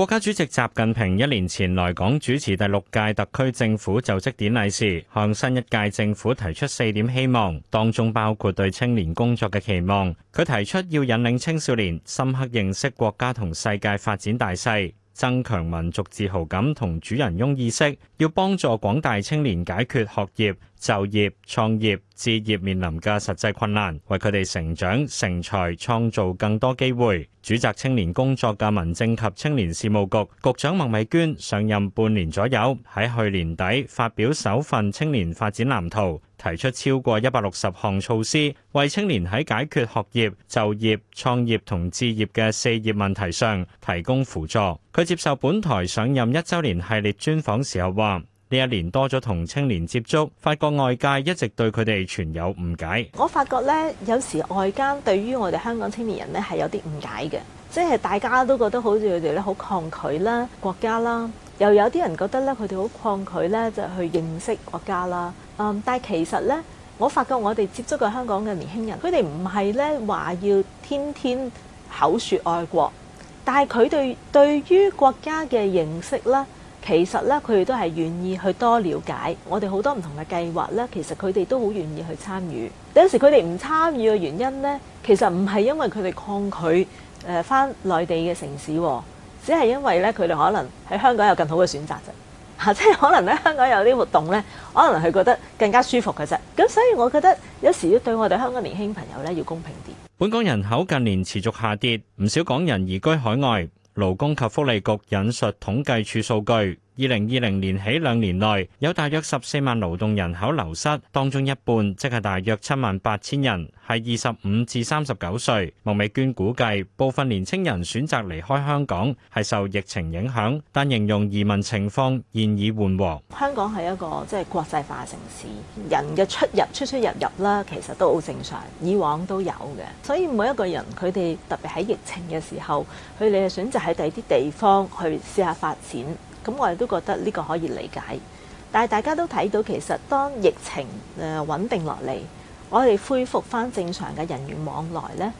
國家主席習近平一年前來港主持第六屆特區政府就職典禮時，向新一屆政府提出四點希望，當中包括對青年工作嘅期望。佢提出要引領青少年深刻認識國家同世界發展大勢，增強民族自豪感同主人翁意識，要幫助廣大青年解決學業、就業、創業、置業面臨嘅實際困難，為佢哋成長成才創造更多機會。主責青年工作嘅民政及青年事務局局，局長麥美娟上任半年左右，喺去年底發表首份青年發展藍圖，提出超過一百六十項措施，為青年喺解決學業、就業、創業同置業嘅四業問題上提供輔助。佢接受本台上任一周年系列專訪時候話。呢一年多咗同青年接觸，發覺外界一直對佢哋存有誤解。我發覺呢，有時外間對於我哋香港青年人呢，係有啲誤解嘅，即係大家都覺得好似佢哋咧，好抗拒啦國家啦，又有啲人覺得咧佢哋好抗拒咧就去認識國家啦。嗯，但係其實呢，我發覺我哋接觸嘅香港嘅年輕人，佢哋唔係呢話要天天口說愛國，但係佢哋對於國家嘅認識啦。其實咧，佢哋都係願意去多了解我哋好多唔同嘅計劃咧。其實佢哋都好願意去參與。有時佢哋唔參與嘅原因咧，其實唔係因為佢哋抗拒誒返內地嘅城市，只係因為咧佢哋可能喺香港有更好嘅選擇啫。嚇，即係可能咧，香港有啲活動咧，可能係覺得更加舒服，嘅啫咁，所以我覺得有時要對我哋香港年輕朋友咧要公平啲。本港人口近年持續下跌，唔少港人移居海外。勞工及福利局引述統計處數據。二零二零年起兩年內有大約十四萬勞動人口流失，當中一半即係大約七萬八千人係二十五至三十九歲。麥美娟估計，部分年青人選擇離開香港係受疫情影響，但形容移民情況現已緩和。香港係一個即係、就是、國際化城市，人嘅出入出出入入啦，其實都好正常，以往都有嘅。所以每一個人佢哋特別喺疫情嘅時候，佢哋係選擇喺第啲地方去試下發展。咁我哋都覺得呢個可以理解，但係大家都睇到，其實當疫情誒、呃、穩定落嚟，我哋恢復翻正常嘅人員往來呢，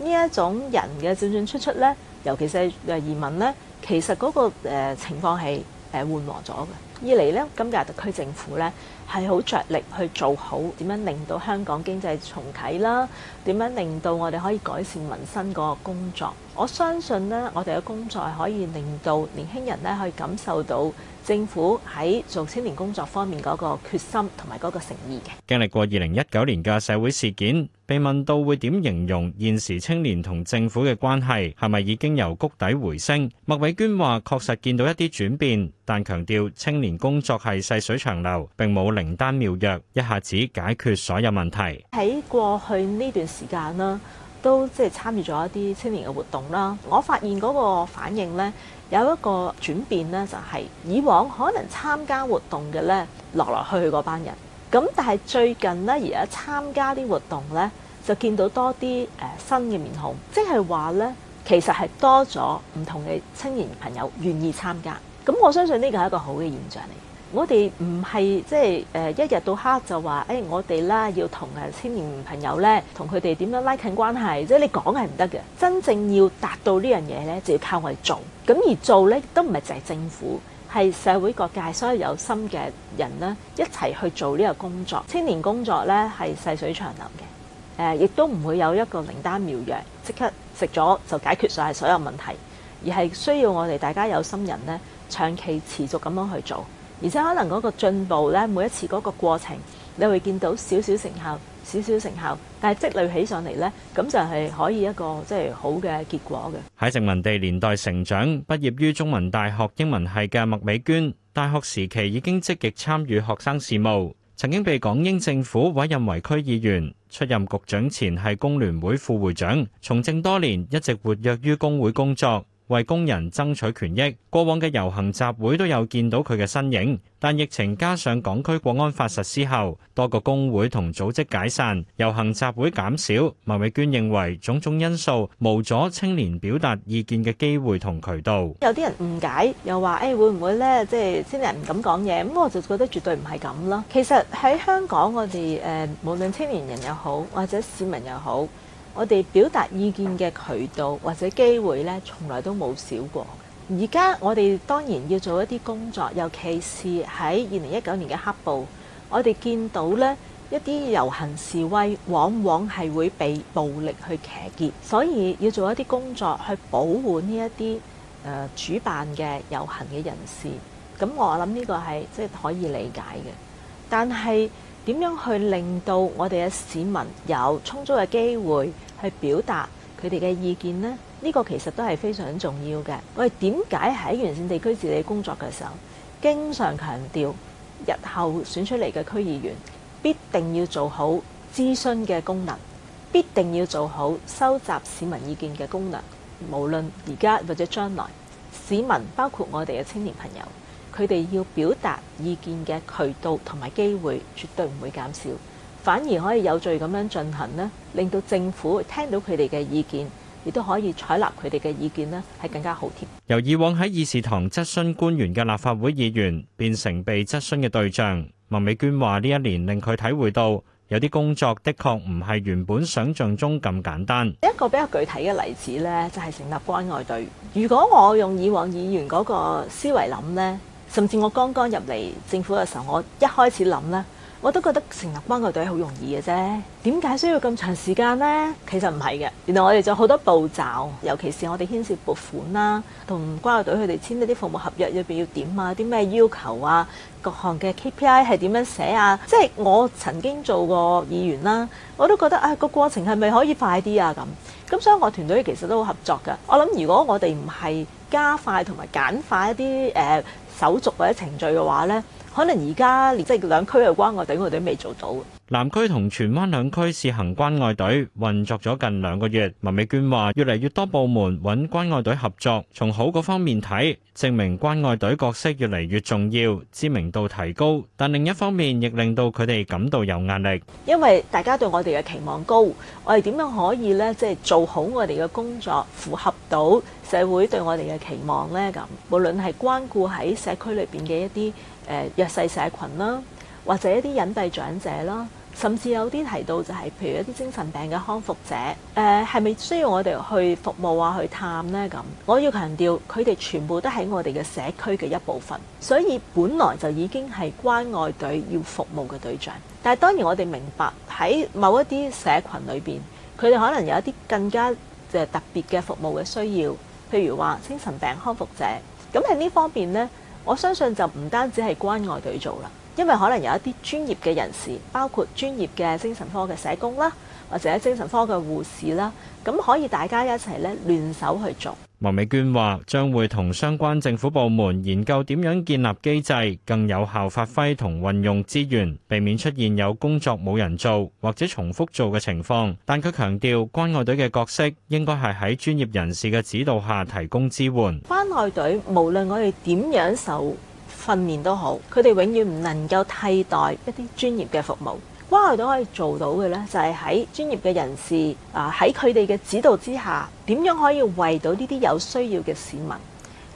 呢一種人嘅進進出出呢，尤其是誒移民呢，其實嗰、那個、呃、情況係誒緩和咗嘅。二嚟呢，今日特區政府呢。係好着力去做好點樣令到香港經濟重啟啦，點樣令到我哋可以改善民生嗰個工作。我相信呢，我哋嘅工作係可以令到年輕人呢可以感受到政府喺做青年工作方面嗰個決心同埋嗰個誠意嘅。經歷過二零一九年嘅社會事件，被問到會點形容現時青年同政府嘅關係係咪已經由谷底回升？麥美娟話：確實見到一啲轉變，但強調青年工作係細水長流，並冇靈丹妙藥，一下子解決所有問題。喺過去呢段時間啦，都即係參與咗一啲青年嘅活動啦。我發現嗰個反應呢，有一個轉變呢，就係以往可能參加活動嘅呢，嚟嚟去去嗰班人。咁但係最近呢，而家參加啲活動呢，就見到多啲誒新嘅面孔，即係話呢，其實係多咗唔同嘅青年朋友願意參加。咁我相信呢個係一個好嘅現象嚟。我哋唔係即係誒一日到黑就話誒、哎，我哋啦要同誒青年朋友咧，同佢哋點樣拉、like、近關係，即係你講係唔得嘅。真正要達到這件事呢樣嘢咧，就要靠我哋做咁而做咧，都唔係淨係政府，係社會各界所有有心嘅人咧一齊去做呢個工作。青年工作咧係細水長流嘅誒，亦、呃、都唔會有一個靈丹妙藥，即刻食咗就解決晒所有問題，而係需要我哋大家有心人咧長期持續咁樣去做。而且可能嗰個進步咧，每一次嗰個過程，你會見到少少成效，少少成效，但係積累起上嚟咧，咁就係可以一個即係好嘅結果嘅。喺殖民地年代成長，畢業於中文大學英文系嘅麥美娟，大學時期已經積極參與學生事務，曾經被港英政府委任為區議員，出任局長前係工聯會副會長，從政多年一直活躍於工會工作。為工人爭取權益，過往嘅遊行集會都有見到佢嘅身影，但疫情加上港區國安法實施後，多個工會同組織解散，遊行集會減少。麥美娟認為種種因素無咗青年表達意見嘅機會同渠道。有啲人誤解，又話誒、哎、會唔會呢？即係青年人唔敢講嘢，咁我就覺得絕對唔係咁囉。其實喺香港，我哋誒、呃、無論青年人又好，或者市民又好。我哋表達意見嘅渠道或者機會呢，從來都冇少過。而家我哋當然要做一啲工作，尤其是喺二零一九年嘅黑暴，我哋見到呢一啲遊行示威，往往係會被暴力去騎劫，所以要做一啲工作去保護呢一啲誒主辦嘅遊行嘅人士。咁我諗呢個係即係可以理解嘅，但係點樣去令到我哋嘅市民有充足嘅機會？去表達佢哋嘅意見呢，呢個其實都係非常重要嘅。我哋點解喺完善地區治理工作嘅時候，經常強調日後選出嚟嘅區議員必定要做好諮詢嘅功能，必定要做好收集市民意見嘅功能。無論而家或者將來，市民包括我哋嘅青年朋友，佢哋要表達意見嘅渠道同埋機會絕對唔會減少。反而可以有序咁樣進行咧，令到政府聽到佢哋嘅意見，亦都可以採納佢哋嘅意見咧，係更加好啲。由以往喺議事堂質詢官員嘅立法會議員變成被質詢嘅對象，麥美娟話：呢一年令佢體會到有啲工作的確唔係原本想像中咁簡單。一個比較具體嘅例子咧，就係成立關愛隊。如果我用以往議員嗰個思維諗咧，甚至我剛剛入嚟政府嘅時候，我一開始諗咧。我都覺得成立關愛隊好容易嘅啫，點解需要咁長時間呢？其實唔係嘅，原來我哋仲有好多步驟，尤其是我哋牽涉撥款啦，同關愛隊佢哋簽嗰啲服務合約入邊要點啊，啲咩要求啊，各項嘅 KPI 係點樣寫啊？即係我曾經做過議員啦，我都覺得啊個、哎、過程係咪可以快啲啊咁？咁所以我團隊其實都好合作㗎。我諗如果我哋唔係加快同埋簡化一啲誒、呃、手續或者程序嘅話呢。可能而家即係兩區嘅關愛隊，我地，我哋都未做到。南區同荃灣兩區試行關愛隊運作咗近兩個月，麥美娟話：越嚟越多部門揾關愛隊合作。從好嗰方面睇，證明關愛隊角色越嚟越重要，知名度提高。但另一方面，亦令到佢哋感到有壓力，因為大家對我哋嘅期望高。我哋點樣可以咧，即係做好我哋嘅工作，符合到社會對我哋嘅期望咧？咁，無論係關顧喺社區裏邊嘅一啲誒弱勢社群啦，或者一啲隱蔽長者啦。甚至有啲提到就係、是、譬如一啲精神病嘅康復者，誒、呃，係咪需要我哋去服務啊，去探咧咁？我要強調，佢哋全部都喺我哋嘅社區嘅一部分，所以本來就已經係關愛隊要服務嘅對象。但係當然我哋明白喺某一啲社群裏邊，佢哋可能有一啲更加誒特別嘅服務嘅需要，譬如話精神病康復者。咁喺呢方面咧，我相信就唔單止係關愛隊做啦。因為可能有一啲專業嘅人士，包括專業嘅精神科嘅社工啦，或者精神科嘅護士啦，咁可以大家一齊咧聯手去做。麥美娟話：將會同相關政府部門研究點樣建立機制，更有效發揮同運用資源，避免出現有工作冇人做或者重複做嘅情況。但佢強調，關愛隊嘅角色應該係喺專業人士嘅指導下提供支援。關愛隊無論我哋點樣受訓練都好，佢哋永遠唔能夠替代一啲專業嘅服務。關愛隊都可以做到嘅呢，就係、是、喺專業嘅人士啊，喺佢哋嘅指導之下，點樣可以為到呢啲有需要嘅市民，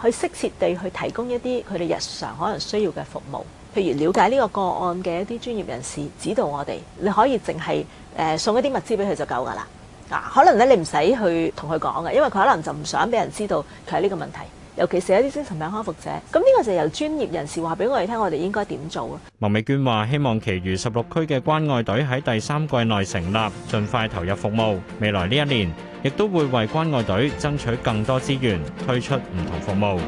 去適切地去提供一啲佢哋日常可能需要嘅服務。譬如了解呢個個案嘅一啲專業人士指導我哋，你可以淨係、呃、送一啲物資俾佢就夠噶啦。嗱、啊，可能咧你唔使去同佢講嘅，因為佢可能就唔想俾人知道佢係呢個問題。尤其是一啲精神病康復者，咁呢個就由專業人士話俾我哋聽，我哋應該點做啊？麥美娟話：希望其餘十六區嘅關愛隊喺第三季內成立，盡快投入服務。未來呢一年，亦都會為關愛隊爭取更多資源，推出唔同服務。